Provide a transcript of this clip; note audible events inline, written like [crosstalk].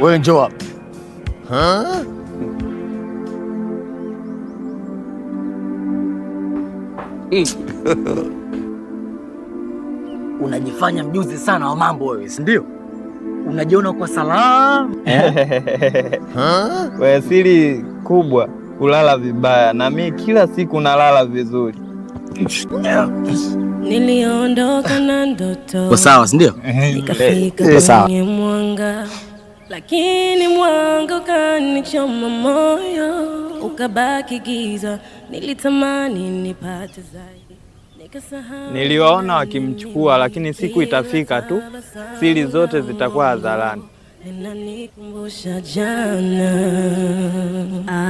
Wewe njoo hapa. Huh? [laughs] Unajifanya mjuzi sana wa mambo wewe, si ndio? Unajiona kwa salama. huh? [laughs] Wewe siri kubwa kulala vibaya, na mimi kila siku nalala vizuri. Niliondoka na ndoto. Kwa sawa, si ndio? Nikafika eh, eh, kwenye mwanga lakini mwanga ukanichoma moyo, ukabaki giza. Nilitamani nipate zaidi, niliwaona wakimchukua, lakini siku itafika tu, siri zote zitakuwa hadharani. Inanikumbusha jana ah.